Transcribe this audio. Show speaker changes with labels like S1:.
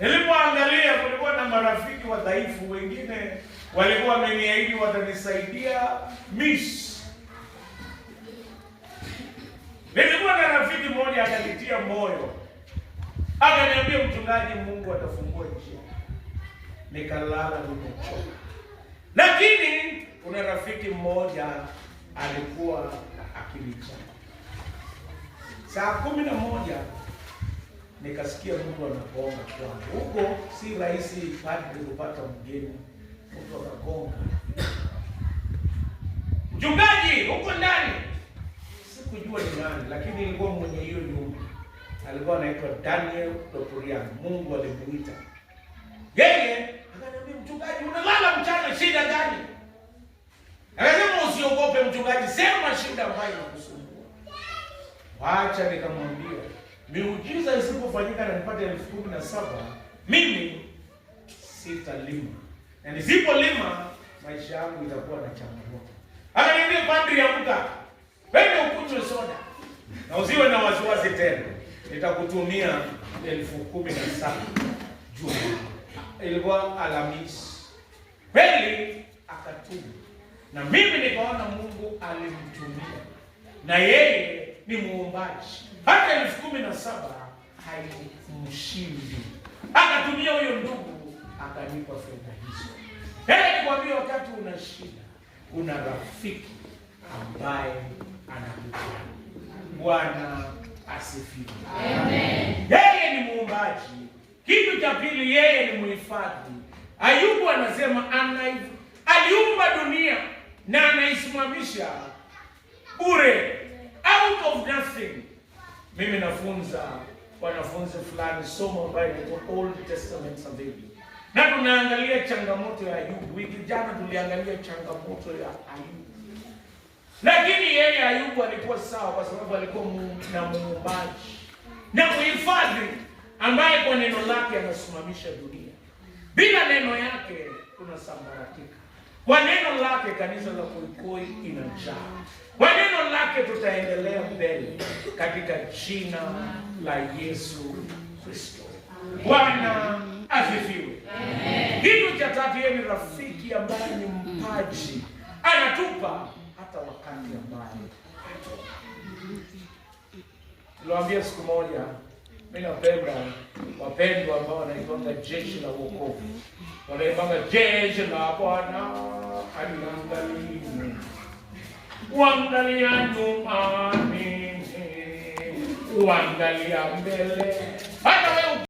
S1: Nilipoangalia kulikuwa na marafiki wadhaifu, wengine walikuwa wameniahidi watanisaidia miss. Nilikuwa na rafiki mmoja akanitia moyo, akaniambia, mchungaji, Mungu atafungua njia. Nikalala nimechoka, lakini kuna rafiki mmoja alikuwa akilicha Saa kumi na moja nikasikia mtu anagonga kwangu huko, si rahisi padri kupata mgeni, mtu akagonga, mchungaji huko ndani. Sikujua ni nani, lakini ilikuwa mwenye hiyo nyumba, alikuwa anaitwa Daniel Dopurian. Mungu alimuita yeye, akaniambia mchungaji, unalala mchana, shida gani? Akasema usiogope mchungaji, sema shida ambayo inakusumbua. Wacha nikamwambia miujiza isipofanyika na nipate elfu kumi na saba mimi sitalima, na nisipolima maisha yangu itakuwa na changamoto. Akaniambia padri, amka, wende ukunywe soda na usiwe na wasiwasi tena, nitakutumia elfu kumi na saba juu ilikuwa Alhamisi. Kweli akatuma, na mimi nikaona Mungu alimtumia, na yeye ni muombaji hata elfu kumi na saba haikumshindi. Akatumia huyo ndugu akalipa fedha hizo. Heri nikwambie, wakati una shida, kuna rafiki ambaye anakujali. Bwana asifiwe, amen. Yeye ni muumbaji. Kitu cha pili, yeye ni muhifadhi. Ayubu anasema ana aliumba dunia na anaisimamisha bure, out of nothing mimi nafunza wanafunzi fulani somo ambayo inaitwa Old Testament Survey, na tunaangalia changamoto ya Ayubu. Wiki jana tuliangalia changamoto ya Ayubu, lakini yeye Ayubu alikuwa sawa, kwa sababu alikuwa na muumbaji na muhifadhi ambaye kwa neno lake anasimamisha dunia. Bila neno yake tunasambaratika. Kwa neno lake kanisa la Koikoi inajaa. Kwa neno lake tutaendelea mbele katika jina la Yesu Kristo. Bwana asifiwe. Kitu cha tatu, yeye ni rafiki ambaye ni mpaji, anatupa hata wakati ambaye hatuomba. Niliwaambia siku moja mimi napenda wapendwa ambao wanaitwanga jeshi la wokovu, wanaitwanga jeshi la Bwana aliangalia uangalia nyuma, uangalia mbele hata